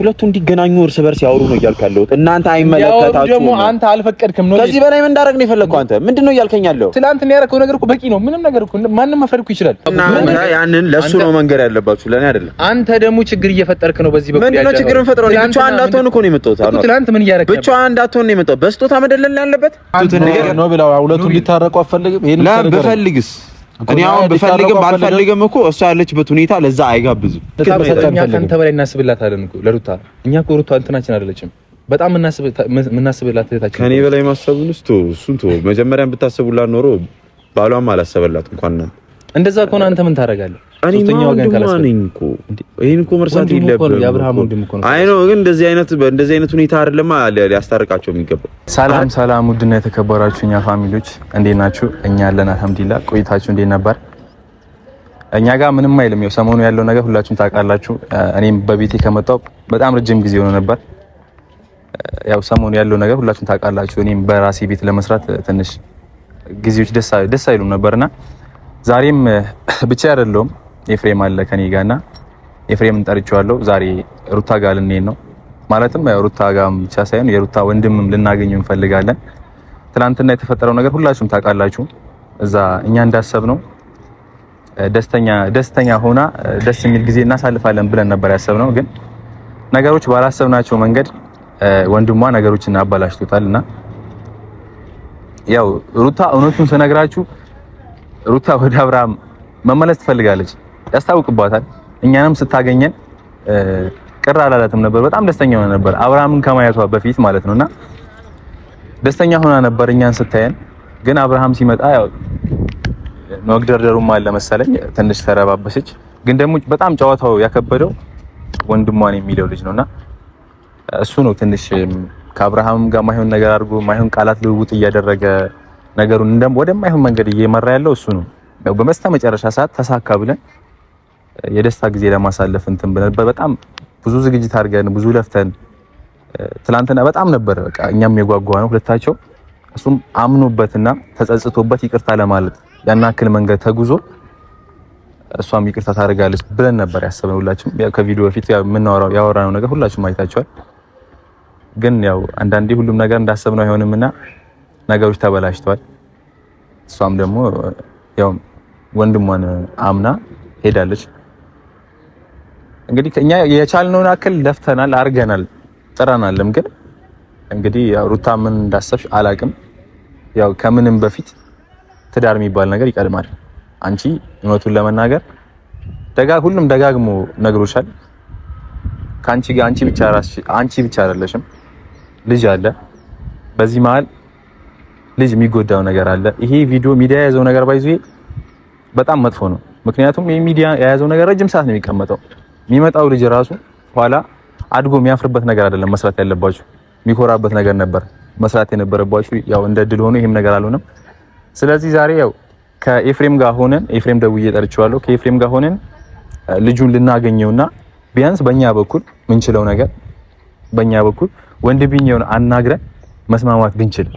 ሁለቱ እንዲገናኙ እርስ በርስ ያወሩ ነው እያልክ ያለሁት። እናንተ አይመለከታችሁም። ደግሞ አንተ አልፈቀድክም ነው። ከዚህ በላይ ምን እንዳደረግ ነው የፈለግከው? አንተ ምንድን ነው እያልከኝ ያለሁት? ትናንት ያደረከው ነገር እኮ በቂ ነው። ምንም ነገር እኮ ማንም መፍረድ እኮ ይችላል። ያንን ለእሱ ነው መንገር ያለባችሁ፣ ለእኔ አይደለም። አንተ ደግሞ ችግር እየፈጠርክ ነው። በዚህ በኩል ምንድን ነው ችግር የምፈጥረው? ብቻዋን እንዳትሆን እኮ ነው የመጣሁት። ትናንት ምን እያደረግህ? ብቻዋን እንዳትሆን ነው የመጣሁት። በስጦታ መደለል ያለበት ነው ብለው ሁለቱ እንዲታረቁ አትፈልግም? ብፈልግስ እኔ አሁን ብፈልግም ባልፈልግም እኮ እሷ ያለችበት ሁኔታ ለዛ አይጋብዝም። እኛ ከአንተ በላይ እናስብላታለን እኮ ለሩታ። እኛ እኮ ሩታ እንትናችን አይደለችም። በጣም እናስብላት እህታችን። ከኔ በላይ ማሰቡን እስቶ እሱን ቶ መጀመሪያም ብታስቡላት ኖሮ ባሏም አላሰበላት እንኳን። እንደዛ ከሆነ አንተ ምን ታደርጋለህ? ሶስተኛ ወገን ግን እንደዚህ አይነት በእንደዚህ አይነት ሁኔታ አይደለም ሊያስታርቃቸው የሚገባው። ሰላም ሰላም፣ ውድና የተከበራችሁ እኛ ፋሚሊዎች እንዴት ናችሁ? እኛ ያለን አልሐምዱሊላህ። ቆይታችሁ እንዴት ነበር? እኛ ጋር ምንም አይልም። ያው ሰሞኑ ያለው ነገር ሁላችሁም ታውቃላችሁ። እኔም በቤቴ ከመጣው በጣም ረጅም ጊዜ ሆነ ነበር። ያው ሰሞኑ ያለው ነገር ሁላችሁም ታውቃላችሁ። እኔም በራሴ ቤት ለመስራት ትንሽ ጊዜዎች ደስ አይሉም ነበርና ዛሬም ብቻ አይደለሁም ኤፍሬም አለ ከኔ ጋር እና ኤፍሬምን ጠርቼዋለሁ። ዛሬ ሩታ ጋር ልንሄድ ነው። ማለትም ሩታ ጋር ብቻ ሳይሆን የሩታ ወንድምም ልናገኘው እንፈልጋለን። ትናንትና የተፈጠረው ነገር ሁላችሁም ታውቃላችሁ። እዛ እኛ እንዳሰብነው ደስተኛ ደስተኛ ሆና ደስ የሚል ጊዜ እናሳልፋለን ብለን ነበር ያሰብነው። ግን ነገሮች ባላሰብናቸው መንገድ ወንድሟ ነገሮችን አባላሽቶታል እና ያው ሩታ እውነቱን ስነግራችሁ ሩታ ወደ አብርሃም መመለስ ትፈልጋለች። ያስታውቅባታል። እኛንም ስታገኘን ቅር አላላትም ነበር። በጣም ደስተኛ ሆነ ነበር፣ አብርሃምን ከማየቷ በፊት ማለት ነውና ደስተኛ ሆና ነበር እኛን ስታየን። ግን አብርሃም ሲመጣ ያው መግደርደሩም አለ መሰለኝ ትንሽ ተረባበሰች። ግን ደግሞ በጣም ጨዋታው ያከበደው ወንድሟን የሚለው ልጅ ነውና እሱ ነው ትንሽ ከአብርሃም ጋር ማይሆን ነገር አድርጎ ማይሆን ቃላት ልውውጥ እያደረገ ነገሩን እንደም ወደ ማይሆን መንገድ እየመራ ያለው እሱ ነው። በመስተ መጨረሻ ሰዓት ተሳካ ብለን የደስታ ጊዜ ለማሳለፍ እንትን ብለን በጣም ብዙ ዝግጅት አድርገን ብዙ ለፍተን ትላንትና በጣም ነበር በቃ እኛም የጓጓ ነው ሁለታቸው እሱም አምኖበትና ተጸጽቶበት ይቅርታ ለማለት ያን ያክል መንገድ ተጉዞ እሷም ይቅርታ ታደርጋለች ብለን ነበር ያሰብን። ሁላችሁም ከቪዲዮ በፊት የምናወራው ያወራነው ነገር ሁላችሁም አይታችኋል። ግን ያው አንዳንዴ ሁሉም ነገር እንዳሰብነው አይሆንምና ነገሮች ተበላሽተዋል። እሷም ደግሞ ያው ወንድሟን አምና ሄዳለች። እንግዲህ እኛ የቻልነውን አክል ለፍተናል፣ አርገናል፣ ጥረናልም። ግን እንግዲህ ሩታ ምን እንዳሰብሽ አላቅም። ያው ከምንም በፊት ትዳር የሚባል ነገር ይቀድማል። አንቺ እውነቱን ለመናገር ደጋ ሁሉም ደጋግሞ ነግሮሻል። ካንቺ ጋር አንቺ ብቻ ራስሽ አንቺ ብቻ አይደለሽም፣ ልጅ አለ። በዚህ መሀል ልጅ የሚጎዳው ነገር አለ። ይሄ ቪዲዮ ሚዲያ የያዘው ነገር ባይዙ በጣም መጥፎ ነው። ምክንያቱም የሚዲያ ሚዲያ የያዘው ነገር ረጅም ሰዓት ነው የሚቀመጠው የሚመጣው ልጅ ራሱ ኋላ አድጎ የሚያፍርበት ነገር አይደለም መስራት ያለባችሁ፣ የሚኮራበት ነገር ነበር መስራት የነበረባችሁ። ያው እንደ ድል ሆኖ ይሄም ነገር አልሆነም። ስለዚህ ዛሬ ያው ከኤፍሬም ጋር ሆነን ኤፍሬም ደውዬ ጠርቼዋለሁ። ከኤፍሬም ጋር ሆነን ልጁን ልናገኘውና ቢያንስ በእኛ በኩል ምንችለው ነገር በእኛ በኩል ወንድምየውን አናግረን መስማማት ብንችል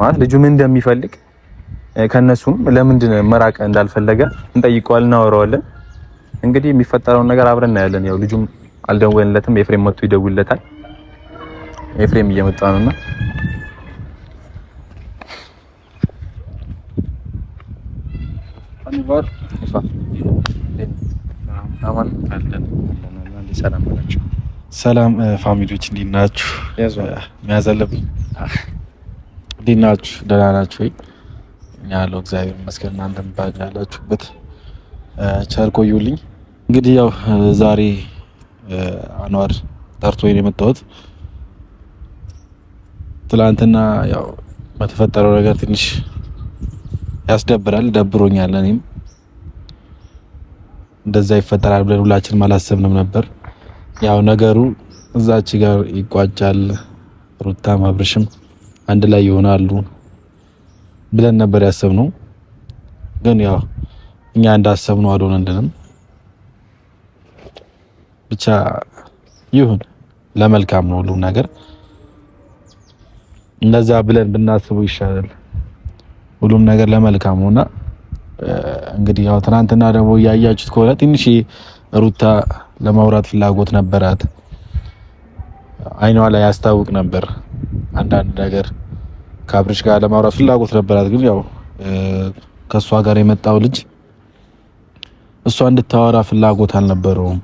ማለት ልጁ ምን እንደሚፈልግ ከነሱም ለምንድን መራቅ እንዳልፈለገ እንጠይቀዋል፣ እናወራዋለን። እንግዲህ የሚፈጠረውን ነገር አብረን እናያለን። ያው ልጁም አልደወልለትም። ኤፍሬም መጥቶ ይደውልለታል። ኤፍሬም እየመጣ ነውና ሰላም ፋሚሊዎች እንዴት ናችሁ? መያዝ አለብኝ። እንዴት ናችሁ? ደህና ናችሁ ወይ? እኛ ያለው እግዚአብሔር ይመስገን። እናንተም ባላችሁበት ቸር ቆዩልኝ። እንግዲህ ያው ዛሬ አንዋር ጠርቶ ነው የመጣሁት። ትላንትና ያው በተፈጠረው ነገር ትንሽ ያስደብራል፣ ደብሮኛል። እኔም እንደዛ ይፈጠራል ብለን ሁላችንም አላሰብንም ነበር። ያው ነገሩ እዛች ጋር ይቋጫል፣ ሩታም አብርሽም አንድ ላይ ይሆናሉ ብለን ነበር ያሰብነው ግን ያው እኛ እንዳሰብነው አልሆነልንም። ብቻ ይሁን ለመልካም ነው ሁሉም ነገር። እንደዛ ብለን ብናስበው ይሻላል። ሁሉም ነገር ለመልካም ነውና እንግዲህ ያው ትናንትና ደግሞ እያያችሁት ከሆነ ትንሽ ሩታ ለማውራት ፍላጎት ነበራት። አይኗ ላይ ያስታውቅ ነበር አንዳንድ ነገር ከአብርሽ ጋር ለማውራት ፍላጎት ነበራት። ግን ያው ከእሷ ጋር የመጣው ልጅ እሷ እንድታወራ ፍላጎት አልነበረውም።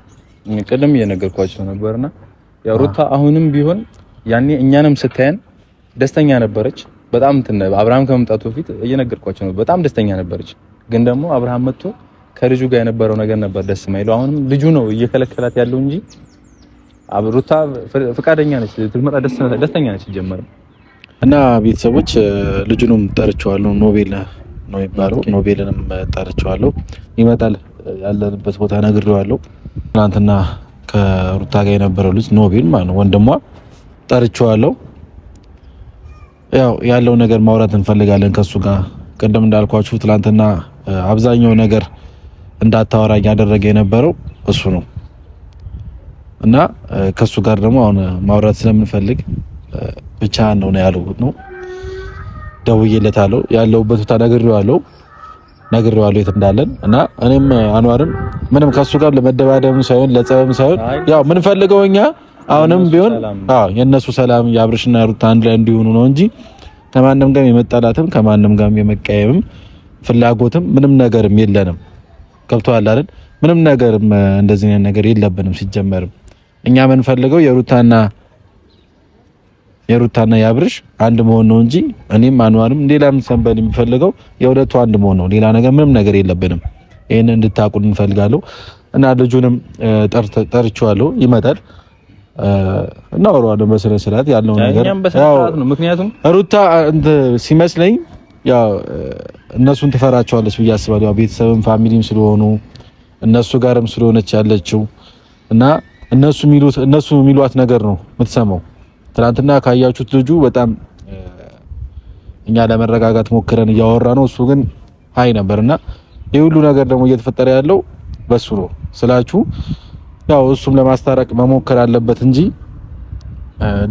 ቅድም እየነገርኳቸው ነበርና ያው ሩታ አሁንም ቢሆን ያኔ እኛንም ስታየን ደስተኛ ነበረች። በጣም እንትን አብርሃም ከመምጣቱ በፊት እየነገርኳቸው ነበር፣ በጣም ደስተኛ ነበረች። ግን ደግሞ አብርሃም መጥቶ ከልጁ ጋር የነበረው ነገር ነበር ደስ የማይለው። አሁንም ልጁ ነው እየከለከላት ያለው እንጂ ሩታ ፈቃደኛ ነች፣ ትመጣ ደስተኛ ነች። ጀመረም እና ቤተሰቦች ልጁንም ጠርቸዋለሁ። ኖቤል ነው የሚባለው። ኖቤልንም ጠርቸዋለሁ ይመጣል። ያለንበት ቦታ ነግሬዋለሁ። ትናንትና ከሩታ ጋር የነበረው ልጅ ኖቤል ማለት ነው ወንድሟ ጠርቼዋለሁ። ያው ያለው ነገር ማውራት እንፈልጋለን ከሱ ጋር። ቅድም እንዳልኳችሁ ትናንትና አብዛኛው ነገር እንዳታወራኝ ያደረገ የነበረው እሱ ነው እና ከሱ ጋር ደግሞ አሁን ማውራት ስለምንፈልግ ብቻ ነው ነው ያለው ነው ደውዬለታለሁ። ያለሁበት ቦታ ነግሬዋለሁ። ነግሬዋለሁ የት እንዳለን እና እኔም አንዋርም ምንም ከሱ ጋር ለመደባደብም ሳይሆን ለጸብም ሳይሆን ያው ምንፈልገው እኛ አሁንም ቢሆን አዎ የነሱ ሰላም የአብርሽና ሩታ አንድ ላይ እንዲሆኑ ነው እንጂ ከማንም ጋር የመጣላትም ከማንም ጋር የመቀየምም ፍላጎትም ምንም ነገርም የለንም። ገብቶሃል አይደል? ምንም ነገርም እንደዚህ ነገር የለብንም። ሲጀመርም እኛ ፈልገው የሩታና የሩታና የአብርሽ አንድ መሆን ነው እንጂ እኔም አንዋርም ሌላም ሰንበል የሚፈልገው የሁለቱ አንድ መሆን ነው። ሌላ ነገር ምንም ነገር የለብንም። ይህን እንድታቁ እንፈልጋለሁ እና ልጁንም ጠርቸዋለሁ። ይመጣል እናወራዋለን በስነ ስርዓት ያለው ነገር ምክንያቱም ሩታ ሲመስለኝ ያው እነሱን ትፈራቸዋለች ብዬ አስባለሁ። ያው ቤተሰብም ፋሚሊም ስለሆኑ እነሱ ጋርም ስለሆነች ያለችው እና እነሱ የሚሉት እነሱ የሚሏት ነገር ነው የምትሰማው ትናንትና ካያችሁት ልጁ በጣም እኛ ለመረጋጋት ሞክረን እያወራ ነው፣ እሱ ግን ሀይ ነበር እና ይህ ሁሉ ነገር ደግሞ እየተፈጠረ ያለው በሱ ነው ስላችሁ፣ ያው እሱም ለማስታረቅ መሞከር አለበት እንጂ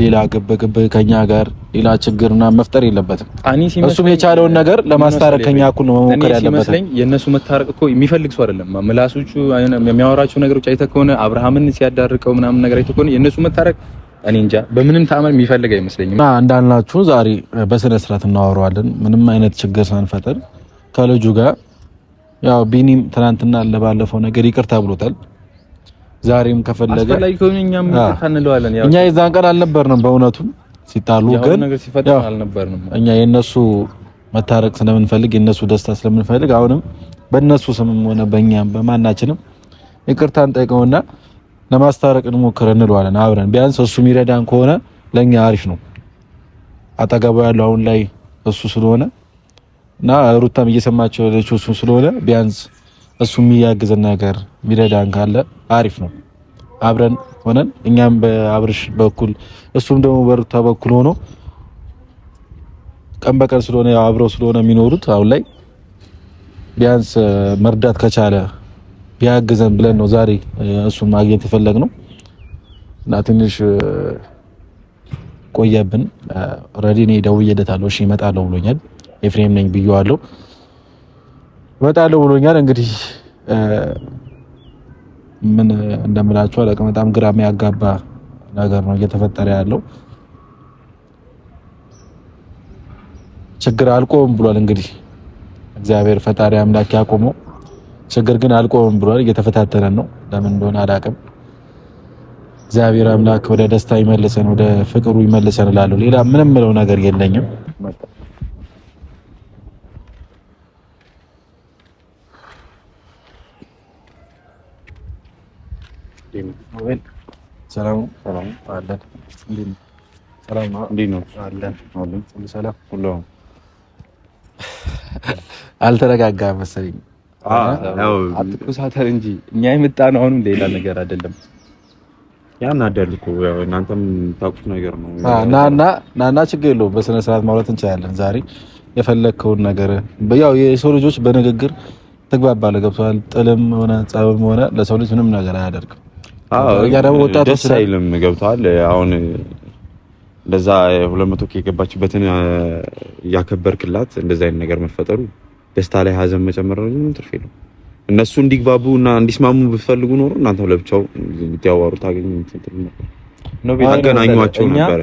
ሌላ ግብግብ ከኛ ጋር ሌላ ችግርና መፍጠር የለበትም። እሱም የቻለውን ነገር ለማስታረቅ ከኛ እኩል ነው መሞከር ያለበት። የእነሱ መታረቅ እኮ የሚፈልግ ሰው አይደለም። ምላሶቹ የሚያወራቸው ነገሮች አይተህ ከሆነ አብርሃምን ሲያዳርቀው ምናምን ነገር አይተህ ከሆነ የእነሱ መታረቅ እኔ እንጃ በምንም ተአመን የሚፈልግ አይመስለኝም። እና እንዳልናችሁ ዛሬ በስነ ስርዓት እናወራዋለን። ምንም አይነት ችግር ሳንፈጥር ከልጁ ጋር ያው ቢኒም ትናንትና ለባለፈው ነገር ይቅርታ ብሎታል። ዛሬም ከፈለገ እኛ የዛን ቀን አልነበርንም። በእውነቱም ሲጣሉ ግን እኛ የነሱ መታረቅ ስለምንፈልግ የነሱ ደስታ ስለምንፈልግ አሁንም በእነሱ ስምም ሆነ በእኛም በማናችንም ይቅርታን ጠይቀውና ለማስታረቅ እንሞክር እንለዋለን አብረን። ቢያንስ እሱ የሚረዳን ከሆነ ለኛ አሪፍ ነው። አጠገቡ ያለው አሁን ላይ እሱ ስለሆነ እና ሩታም እየሰማቸው ያለችው እሱ ስለሆነ ቢያንስ እሱ የሚያግዘን ነገር የሚረዳን ካለ አሪፍ ነው። አብረን ሆነን እኛም በአብርሽ በኩል እሱም ደግሞ በሩታ በኩል ሆኖ ቀን በቀን ስለሆነ አብረው ስለሆነ የሚኖሩት አሁን ላይ ቢያንስ መርዳት ከቻለ ያግዘን ብለን ነው ዛሬ እሱን ማግኘት የፈለግነው እና ትንሽ ቆየብን። ኦልሬዲ እኔ ደውዬለታለሁ። እሺ እመጣለሁ ብሎኛል። ኤፍሬም ነኝ ብዬዋለሁ። እመጣለሁ ብሎኛል። እንግዲህ ምን እንደምላችሁ አላውቅም። በጣም ግራ የሚያጋባ ነገር ነው እየተፈጠረ ያለው። ችግር አልቆም ብሏል። እንግዲህ እግዚአብሔር ፈጣሪ አምላክ ያቆመው ችግር ግን አልቆም ብሏል። እየተፈታተነን ነው። ለምን እንደሆነ አላውቅም። እግዚአብሔር አምላክ ወደ ደስታ ይመልሰን፣ ወደ ፍቅሩ ይመልሰን እላለሁ። ሌላ ምንም ምለው ነገር የለኝም። ሰላም አለን። መሰለኝ አትኮሳተር እንጂ እኛ የመጣ ነው አሁንም ሌላ ነገር አይደለም። ያናዳል እኮ ያው እናንተም ታውቁት ነገር ነው። ና ና ና ና ችግር የለውም በስነ ስርዓት ማውራት እንችላለን። ዛሬ የፈለግከውን ነገር ያው የሰው ልጆች በንግግር ትግባባለህ። ገብቶሃል? ጥልም ሆነ ጸብም ሆነ ለሰው ልጅ ምንም ነገር አያደርግም። አዎ ደግሞ ወጣት ደስ አይልም። ገብቷል። አሁን ለዛ ሁለት መቶ ኬ የገባችበትን ያከበርክላት እንደዛ አይነት ነገር መፈጠሩ ደስታ ላይ ሀዘን መጨመር ግን ትርፍ የለውም። እነሱ እንዲግባቡ እና እንዲስማሙ ብትፈልጉ ኖሮ እናንተ ለብቻው እንዲያዋሩ ታገኙ ነበር፣ አገናኟቸው ነበረ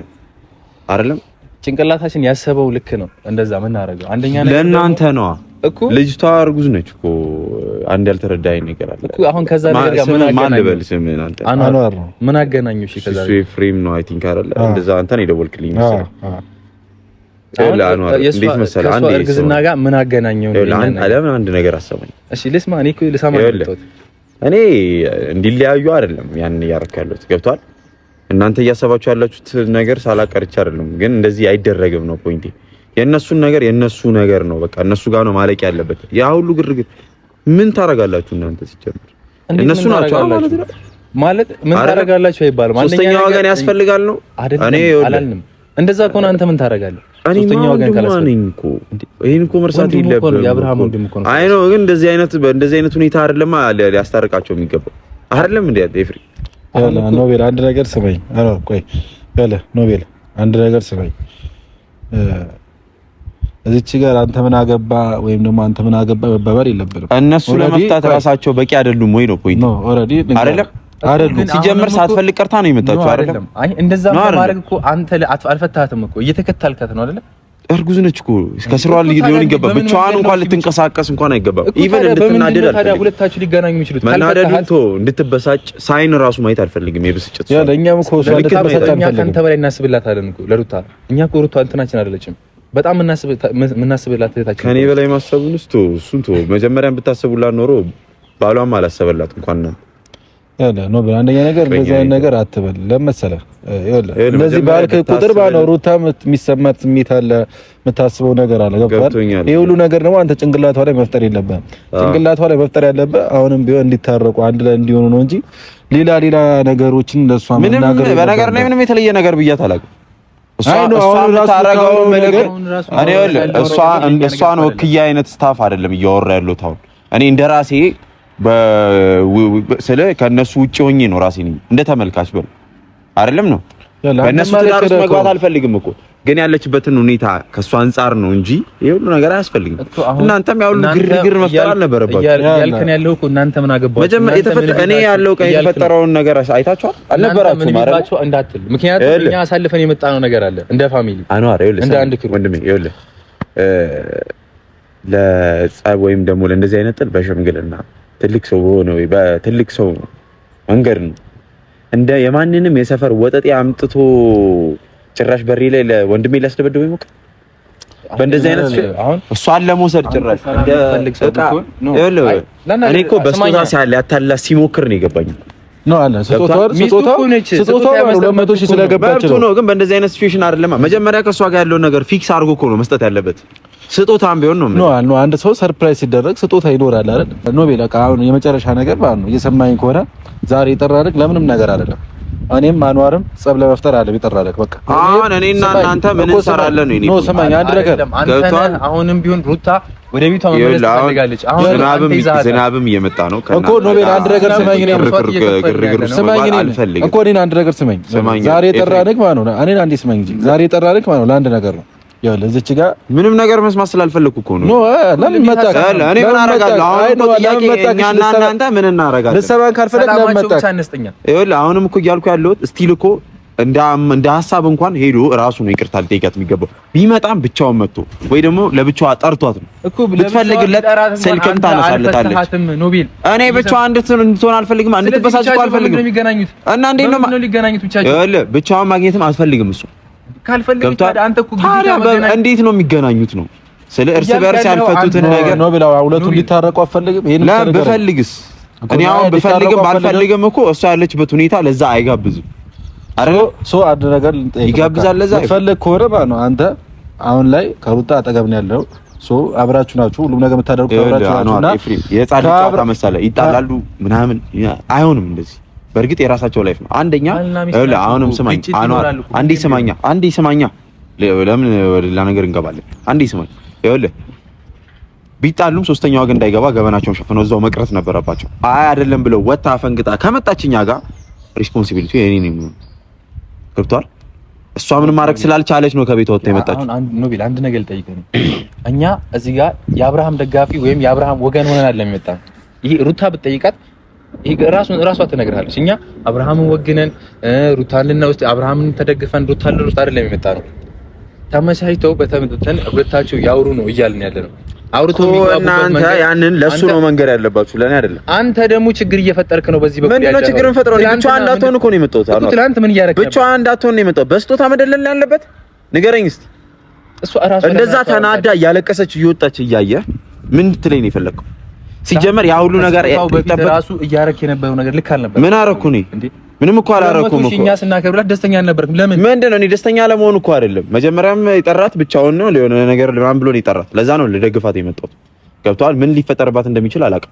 አይደለም። ጭንቅላታችን ያሰበው ልክ ነው። እንደዛ የምናደርገው አንደኛ ለእናንተ ነዋ እኮ ልጅቷ እርጉዝ ነች እኮ። አንድ ያልተረዳኸኝ ነገር አለ እኮ። አሁን ከዛ ነገር ጋር ምን አገናኘው? ምን አገናኘው? እሺ ከዛ ፍሬም ነው አይ ቲንክ አይደለ? እንደዛ አንተን የደወልክልኝ መሰለኝ እንዴት መሰለህ እርግዝና ጋር ምን አገናኘው? አንድ ነገር አሰበኝ። እሺ ልስማ። እኔ እኮ ልሰማ እኔ እንዲለያዩ አይደለም ያንን ያለሁት ገብቷል። እናንተ እያሰባችሁ ያላችሁት ነገር ሳላቀርቻ አይደለም፣ ግን እንደዚህ አይደረግም ነው ፖይንቴ። የእነሱን ነገር የእነሱ ነገር ነው፣ በቃ እነሱ ጋር ነው ማለቅ ያለበት። ያ ሁሉ ግርግር ምን ታደርጋላችሁ እናንተ? ሲጀምር እነሱ ናቸው አላችሁ ማለት ምን ታረጋላችሁ አይባልም። ሶስተኛ ወገን ያስፈልጋል ነው እኔ አላልንም። እንደዛ ከሆነ አንተ ምን ታረጋለህ ሶስተኛ ወገን አይ ነው ግን እንደዚህ አይነት አይነት ሁኔታ አይደለም ሊያስታርቃቸው የሚገባው አይደለም እንዴ ኤፍሪ ኖቤል አንድ ነገር ቆይ ኖቤል አንድ ነገር እዚች ጋር አንተ ምን አገባ ወይም ደግሞ አንተ ምን አገባ መባባል የለብንም እነሱ ለመፍታት ራሳቸው በቂ አይደሉም ወይ ነው ፖይንት ኦልሬዲ አይደለም አይደለም ሲጀመር ሳትፈልግ ቀርታ ነው የመጣችው። አይደለም አይ እንደዛ ማድረግ እኮ አንተ አልፈታህትም እኮ እየተከታልከት ነው አይደለ? እርጉዝ ነች እኮ እስከ ከስሯ ሊሆን ይገባል። ብቻዋን እንኳን ልትንቀሳቀስ እንኳን አይገባም። ኢቨን እንድትናደድ አልፈልግም። ሁለታችሁ ሊገናኙ የሚችሉት መናደዱን እንቶ እንድትበሳጭ ሳይን ራሱ ማየት አልፈልግም። የብስጭት ያ ለኛም እኮ እሷ ልታበሳጭኛ ካንተ በላይ እናስብላታለን እኮ ለሩታ። እኛ እኮ ሩታ እንትናችን አይደለችም በጣም የምናስብላት እህታችን ከኔ በላይ ማሰቡን እስቶ እሱን ቶ መጀመሪያም ብታስቡላት ኖሮ ባሏም አላሰበላት እንኳን አንደኛ ነገር እንደዚህ ነገር አትበል። ለመሰለ እነዚህ ባልክ ቁጥር ባነው ሩታ የሚሰማት ስሜት አለ፣ የምታስበው ነገር አለ። ገብቷል። ይሄ ሁሉ ነገር ደግሞ አንተ ጭንቅላቷ ላይ መፍጠር የለብህም። ጭንቅላቷ ላይ መፍጠር ያለብህ አሁንም ቢሆን እንዲታረቁ አንድ ላይ እንዲሆኑ ነው እንጂ ሌላ ሌላ ነገሮችን ለእሷ መናገር ምንም በነገር ላይ ምንም የተለየ ነገር ብያት አላውቅም። እሷን ወክያ አይነት ስታፍ አይደለም እያወራ ያለሁት አሁን እኔ እንደራሴ ስለ ከእነሱ ውጭ ሆኜ ነው ራሴን እንደ ተመልካች በል አይደለም ነው በእነሱ ትዳር ውስጥ መግባት አልፈልግም እኮ ግን ያለችበትን ሁኔታ ከእሱ አንጻር ነው እንጂ ይሄ ሁሉ ነገር አያስፈልግም። እናንተም ያው ሁሉ ግርግር መፍጠር አልነበረባችሁ። እናንተ ምን አገባችሁ? እኔ ያለው ቀን የተፈጠረውን ነገር አይታችኋል አልነበራችሁ እንዳትል፣ ምክንያቱም እኛ አሳልፈን የመጣነው ነገር አለ እንደ ፋሚሊ አንዋር እንደ አንድ ክሩ ወንድሜ ይኸውልህ ለጸብ ወይም ደግሞ ለእንደዚህ አይነት ጥል በሽምግልና ትልቅ ሰው ሆነ ወይ በትልቅ ሰው መንገድ ነው። እንደ የማንንም የሰፈር ወጠጤ አምጥቶ ጭራሽ በሬ ላይ ለወንድሜ ሊያስደበድበው ይሞክር። በእንደዚህ አይነት አሁን እሷን ለመውሰድ ጭራሽ እንደ ትልቅ ሰው እኔ እኮ በስጦታ ሲያለ ያታላ ሲሞክር ነው የገባኝ ነው አለ ነው። በእንደዚህ አይነት ሲቹዌሽን አይደለም መጀመሪያ ከእሷ ጋር ያለውን ነገር ፊክስ አድርጎ እኮ ነው መስጠት ያለበት። ስጦታም ቢሆን ነው ነው አንድ ሰው ሰርፕራይዝ ሲደረግ ስጦታ ይኖራል አይደል? የመጨረሻ ነገር ነው። እየሰማኝ ከሆነ ዛሬ ለምንም ነገር አይደለም እኔም አኗርም ጸብ ለመፍጠር አለ ቢጠራ በቃ አሁን እኔና እናንተ ምን እንሰራለን ነው ነው ሰማኝ፣ አንድ ነገር ገብቷል። አሁንም ቢሆን ሩታ ወደ ቤቷ መመለስ ትፈልጋለች። አሁን ዝናብም ዝናብም እየመጣ ነው እኮ ኖቤል፣ አንድ ነገር ስማኝ፣ እኔ እየከፈለ ስማኝ፣ እኔ አልፈልግም እኮ እኔን አንድ ነገር ስማኝ፣ ዛሬ የጠራንህ ማለት ነው። እኔን አንዴ ስማኝ እንጂ ዛሬ የጠራንህ ማለት ነው ለአንድ ነገር ነው ያለ ጋር ምንም ነገር መስማት ስላልፈለኩ እኮ ነው። ለምን መጣህ? እኔ ምን አሁን ጥያቄ እናንተ ምን አሁንም እኮ እያልኩ ያለሁት ስቲል እኮ እንደ ሀሳብ እንኳን ሄዶ እራሱ ነው ይቅርታ ሊጠይቃት የሚገባው። ቢመጣም ብቻውን መጥቶ ወይ ደግሞ ለብቻዋ ጠርቷት ነው ብትፈልግለት ስልክም ታነሳለታለች። እኔ ብቻዋን እንድትሆን አልፈልግም፣ እንድትበሳጭ አልፈልግም። እና እንዴት ነው ብቻዋን ማግኘትም አልፈልግም እሱ ካልፈለገች አንተ እኮ እንዴት ነው የሚገናኙት? ነው ስለ እርስ በርስ ያልፈቱትን ነገር ነው ብለው ሁለቱም ሊታረቁ አፈልግም። ይሄን ነገር ብፈልግስ እኔ አሁን ብፈልግም ባልፈልግም እኮ እሷ ያለችበት ሁኔታ ለዛ አይጋብዝም። አረ ሶ አንድ ነገር ይጋብዛል። ለዛ ይፈልግ ከሆነ ባ ነው አንተ አሁን ላይ ከሩጣ አጠገብ ነው ያለው። ሶ አብራችሁ ናችሁ፣ ሁሉም ነገር የምታደርጉት አብራችሁ ናችሁና የጻድቅ ጨዋታ መሰለህ ይጣላሉ ምናምን አይሆንም እንደዚህ በእርግጥ የራሳቸው ላይፍ ነው። አንደኛ አሁንም ስማኝ፣ አንዴ ስማኛ፣ አንዴ ስማኛ፣ ለምን ወደ ሌላ ነገር እንገባለን? አንዴ ስማኝ፣ ይኸውልህ ቢጣሉም ሶስተኛ ወገን እንዳይገባ ገበናቸውን ሸፍነው እዛው መቅረት ነበረባቸው። አይ አይደለም ብለው ወጣ ፈንግጣ ከመጣችኛ ጋር ሪስፖንሲቢሊቲ የኔ ነው የሚሆነው። ገብቷል? እሷ ምንም ማድረግ ስላልቻለች ነው ከቤት ወጥታ የመጣችው። ኖቤል አንድ ነገር ልጠይቀኝ። ነው። እኛ እዚህ ጋር የአብርሃም ደጋፊ ወይም የአብርሃም ወገን ሆነናል ለሚመጣ ይሄ ሩታ ብትጠይቃት ይሄ ራሷ ትነግርሃለች። እኛ አብርሃምን ወግነን ሩታልና ውስጥ አብርሃምን ተደግፈን ሩታን ውስጥ አይደለም የመጣ ነው። ተመቻችተው በተመጠጠን ሁለታቸው ያውሩ ነው እያልን ያለ ነው። አውርቶ እናንተ ያንን ለሱ ነው መንገር ያለባችሁ፣ ለኔ አይደለም። አንተ ደግሞ ችግር እየፈጠርክ ነው። በዚህ በኩል ያለው ምንድነው ችግር የምፈጥረው? ብቻዋን እንዳትሆን እኮ ነው የመጣሁት። ትናንት ምን እያደረክ ነው? ብቻዋን እንዳትሆን ነው የመጣሁት። በስጦታ መደለል ያለበት ንገረኝ እስቲ። እሱ ራሱ እንደዛ ተናዳ እያለቀሰች እየወጣች እያየ ምን ትለኝ ነው የፈለከው? ሲጀመር ያ ሁሉ ነገር ራሱ እያረክ የነበረው ነገር ልክ አልነበረ። ምን አረኩ እኔ? ምንም እኮ አላረኩም እኮ። እኛ ስናከብላት ደስተኛ አልነበርም። ለምን ምንድን ነው እኔ ደስተኛ ለመሆን እኮ አይደለም። መጀመሪያም የጠራት ብቻውን ነው ሊሆነ ነገር ለማን ብሎ ነው የጠራት። ለዛ ነው ልደግፋት የመጣሁት። ገብቷል። ምን ሊፈጠርባት እንደሚችል አላውቅም።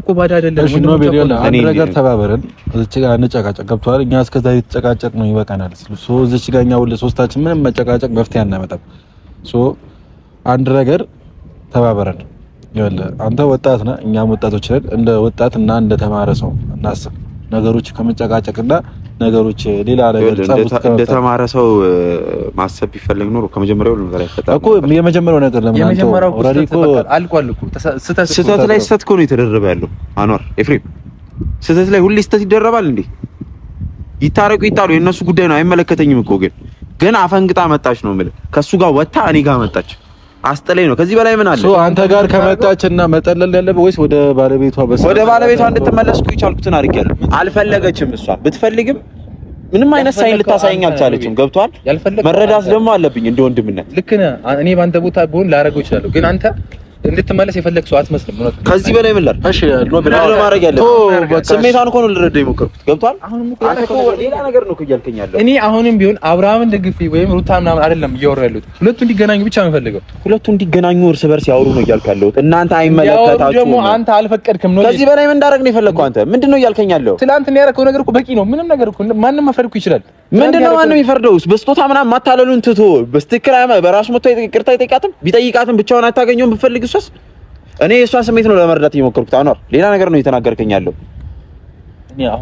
እኮ ባዳ አይደለም። እሺ ነው አንድ ነገር ተባበረን፣ እዚች ጋር እንጨቃጨቅ። ገብቷል። እኛ እስከዛ የተጨቃጨቅ ነው ይበቃናል። ሶ እዚች ጋር እኛ ሁሌ ሶስታችን ምንም መጨቃጨቅ መፍትሄ አናመጣም። ሶ አንድ ነገር ተባበረን አንተ ወጣት ነህ፣ እኛም ወጣቶች ነን። እንደ ወጣት እና እንደ ተማረ ሰው እናስብ። ነገሮች ከመጨቃጨቅና ነገሮች ሌላ ነገር እንደ ተማረ ሰው ማሰብ ቢፈልግ ኖሮ ከመጀመሪያው ነገር አይፈጣም እኮ። የመጀመሪያው ነገር ለምን አንተ ኦልሬዲ እኮ አልቋል እኮ። ስህተት ላይ ስህተት እኮ ነው የተደረበ ያለው አኗር ኤፍሬም። ስህተት ላይ ሁሌ ስህተት ይደረባል እንዴ? ይታረቁ ይጣሉ፣ የእነሱ ጉዳይ ነው፣ አይመለከተኝም እኮ። ግን ገና አፈንግጣ መጣች ነው የምልህ። ከእሱ ጋር ወታ እኔ ጋር መጣች አስጠለኝ ነው። ከዚህ በላይ ምን አለ? አንተ ጋር ከመጣች እና መጠለል ያለብህ ወይስ ወደ ባለቤቷ? ወደ ባለቤቷ እንድትመለስኩ የቻልኩትን አድርጌያለሁ። አልፈለገችም። እሷ ብትፈልግም ምንም አይነት ሳይን ልታሳየኝ አልቻለችም። ገብቷል። መረዳት ደግሞ አለብኝ እንደ ወንድምነት። ልክ ነህ። እኔ በአንተ ቦታ ብሆን ላደርገው እችላለሁ፣ ግን አንተ እንድትመለስ የፈለግ ሰው አትመስልም። ከዚህ በላይ ምን ላድርግ? እሺ ነው ብላ ለማድረግ ያለብህ ስሜቷን እኮ ነው ልረዳ የሞከርኩት። ገብቷል። ሌላ ነገር ነው እያልከኝ ያለው። እኔ አሁንም ቢሆን አብርሃምን ደግፌ ወይም ሩታ ምናምን አይደለም እያወራሁ ያለሁት፣ ሁለቱ እንዲገናኙ ብቻ ነው የምፈልገው። ሁለቱ እንዲገናኙ እርስ በርስ ያወሩ ነው እያልኩ ያለሁት። እናንተ አይመለከታችሁም። ደግሞ አንተ አልፈቀድክም ነው። ከዚህ በላይ ምን እንዳደረግ ነው የፈለግከው? አንተ ምንድን ነው እያልከኝ ያለሁት? ትናንትና ያደረከው ነገር እኮ በቂ ነው። ምንም ነገር እኮ ማንም መፍረድ ይችላል። ምንድን ነው ማንም የሚፈርደው? በስጦታ ምናምን ማታለሉን ትቶ በስትክክል በራሱ መጥቶ ይቅርታ አይጠይቃትም? ቢጠይቃትም ብቻውን አታገኘውም ብፈልግ መፍሰስ። እኔ የእሷን ስሜት ነው ለመረዳት እየሞከርኩት። አኗር ሌላ ነገር ነው እየተናገርከኝ ያለው።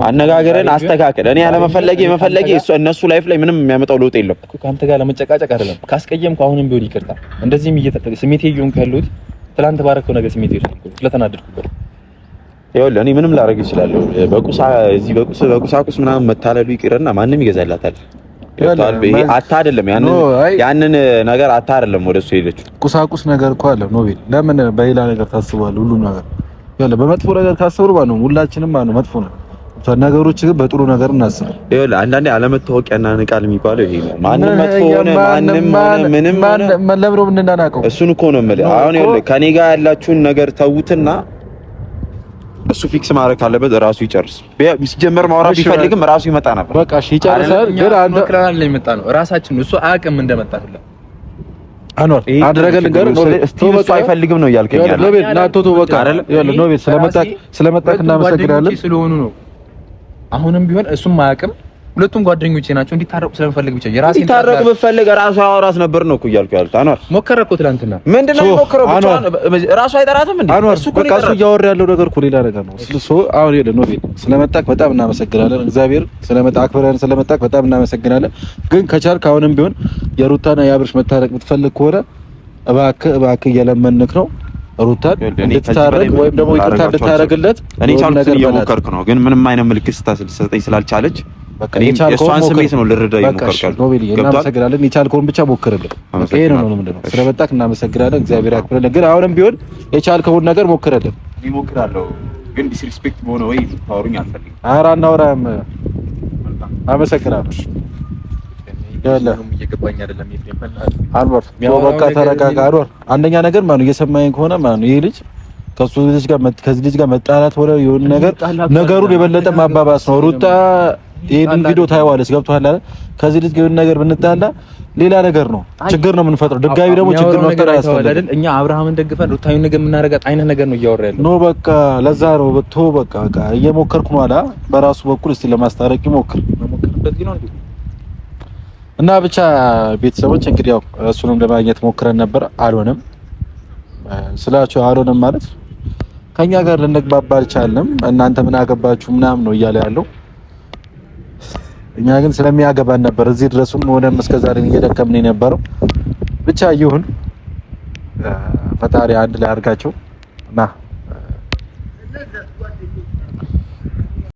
አነጋገርን አስተካክል። እኔ ያለመፈለጌ መፈለጌ እነሱ ላይፍ ላይ ምንም የሚያመጣው ለውጥ የለም። ከአንተ ጋር ለመጨቃጨቅ አይደለም። ካስቀየምኩ አሁንም ቢሆን ይቅርታ። እንደዚህም ስሜት እየሆንኩ ያለሁት ትላንት ባረከው ነገር ስሜት ስሜቴ ስለተናደድኩበት ይኸውልህ እኔ ምንም ላደርግ እችላለሁ። በቁሳ እዚህ በቁሳ በቁሳቁስ ምናምን መታለሉ ይቅርና ማንም ይገዛላታል። አታ አይደለም ያንን ነገር አታ አይደለም ወደሱ ሄደችው። ቁሳቁስ ነገር እኮ አለ ኖቤል። ለምን በሌላ ነገር ታስባለህ? ሁሉ ነገር ያለ በመጥፎ ነገር ካሰሩ ባነው ሁላችንም ባነው መጥፎ ነው። ነገሮች ግን በጥሩ ነገር እናስብ። ይኸውልህ አንዳንዴ አለመታወቂያ ያናንቃል የሚባለው ይሄ ነው። ማንም መጥፎ ሆነ ማንም ሆነ ምንም ሆነ ለምን ነው የምንናናቀው? እሱን እኮ ነው የምልህ። አሁን ይኸውልህ ከኔ ጋር ያላችሁን ነገር ተዉትና እሱ ፊክስ ማድረግ ካለበት ራሱ ይጨርስ። ሲጀመር ማውራት ቢፈልግም ራሱ ይመጣ ነበር። በቃ እሺ ይጨርሳል። ግን አንተ ክላል ላይ መጣ ነው ራሳችን እሱ አቅም እንደመጣ አኖር አንዋር ነገር ነው እስቲ እሱ አይፈልግም ነው እያልከኝ ያለው ኖቤል ና ቶቶ በቃ ይኸውልህ ኖቤል ስለመጣክ ስለመጣክ እናመሰግናለን ስለሆኑ ነው። አሁንም ቢሆን እሱም አያውቅም ሁለቱም ጓደኞቼ ናቸው። እንዲታረቁ ስለምፈልግ ብቻ የራሴ እንዲታረቁ ብፈልግ ራሱ አወራት ነበር ነው እኮ እያልኩ ያሉት። አንዋር ሞከረ እኮ ትናንትና። ምንድነው ሞከረው? ብቻ ራሱ አይጠራትም እንዴ? አንዋር በቃ እሱ እያወራ ያለው ነገር እኮ ሌላ ነገር ነው። እሱ አሁን ይሄ ነው ቤት ስለመጣክ በጣም እናመሰግናለን። እግዚአብሔር ስለመጣ አክብረን ስለመጣክ በጣም እናመሰግናለን። ግን ከቻልክ አሁንም ቢሆን የሩታና የአብርሽ መታረቅ የምትፈልግ ከሆነ እባክህ እባክህ እየለመንክ ነው ሩታን እንድትታረቅ ወይም ደግሞ ይቅርታ እንድታረግለት። እኔ ቻልኩትን እየሞከርኩ ነው፣ ግን ምንም አይነት ምልክት ስታሰጠኝ ስላልቻለች የእሷን ስሜት ነው ልረዳ እናመሰግናለን። የቻልከውን ብቻ ሞክርልን። ይሄ ነው ነው ስለመጣክ እናመሰግናለን። እግዚአብሔር ግን አሁንም ቢሆን የቻልከውን ነገር ሞክርልን። ይሞክራለሁ ግን ዲስሪስፔክት በሆነ ወይ ታወሩኝ አልፈልግም። ኧረ አናወራም። አመሰግናለሁ። አንደኛ ነገር ማለት ነው ከሆነ ማለት ይሄ ልጅ ከሱ ልጅ ጋር ከዚህ ልጅ ጋር መጣላት ሆነ የሆነ ነገር ነገሩን የበለጠ ማባባስ ነው ሩጣ ይሄን ቪዲዮ ታይዋለስ ገብቷል አይደል? ከዚህ ልጅ ግን ነገር ብንጣላ ሌላ ነገር ነው፣ ችግር ነው የምንፈጥረው። ድጋሚ ደግሞ ችግር መፍጠር አያስፈልግም አይደል? እኛ አብርሃምን ደግፈን ሩታዩን ነገር የምናደርጋት አይነት ነገር ነው እያወራ ያለው ኖ በቃ ለዛ ነው በቶ በቃ በቃ እየሞከርኩ ነው አላ በራሱ በኩል እስቲ ለማስታረቅ ይሞክር እና ብቻ ቤተሰቦች እንግዲህ ያው እሱንም ለማግኘት ሞክረን ነበር፣ አልሆነም ስላቸው አልሆነም ማለት ከኛ ጋር ልንግባባ አልቻልንም። እናንተ ምን አገባችሁ ምናምን ነው እያለ ያለው እኛ ግን ስለሚያገባን ነበር። እዚህ ድረሱም ሆነም እስከዛሬ እየደከምን የነበረው ብቻ ይሁን። ፈጣሪ አንድ ላይ አድርጋቸው እና